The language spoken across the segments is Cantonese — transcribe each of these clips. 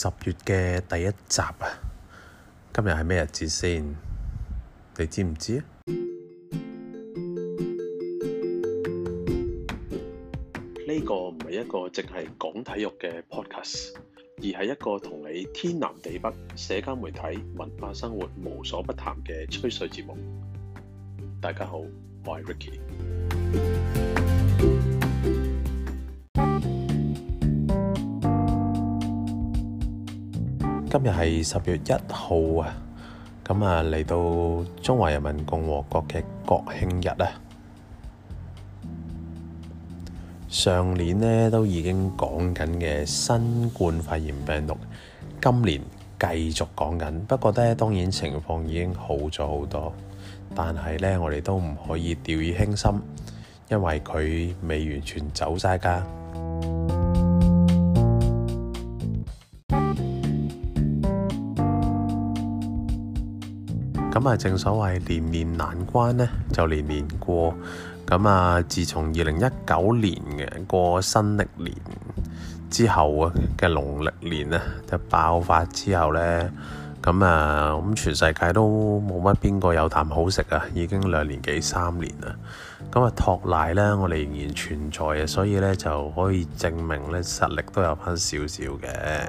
十月嘅第一集啊，今日係咩日子先？你知唔知啊？呢個唔係一個淨係講體育嘅 podcast，而係一個同你天南地北、社交媒體、文化生活無所不談嘅吹水節目。大家好，我係 Ricky。今日係十月一號啊，咁啊嚟到中華人民共和國嘅國慶日啊。上年呢都已經講緊嘅新冠肺炎病毒，今年繼續講緊，不過呢當然情況已經好咗好多，但係呢我哋都唔可以掉以輕心，因為佢未完全走晒噶。咁啊，正所謂年年難關呢，就年年過。咁啊，自從二零一九年嘅過新曆年之後嘅農曆年啊，就爆發之後呢，咁啊，咁全世界都冇乜邊個有啖好食啊，已經兩年幾三年啦。咁啊，托奶呢，我哋仍然存在嘅，所以呢就可以證明呢實力都有返少少嘅。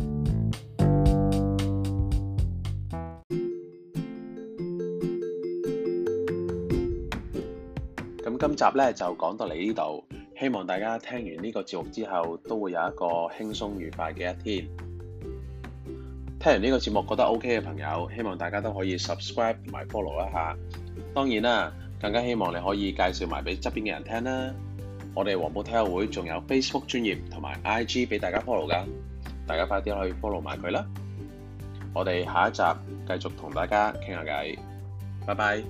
今集咧就講到嚟呢度，希望大家聽完呢個節目之後都會有一個輕鬆愉快嘅一天。聽完呢個節目覺得 OK 嘅朋友，希望大家都可以 subscribe 同埋 follow 一下。當然啦，更加希望你可以介紹埋俾側邊嘅人聽啦。我哋黃埔體育會仲有 Facebook 專頁同埋 IG 俾大家 follow 噶，大家快啲去 follow 埋佢啦。我哋下一集繼續同大家傾下偈，拜拜。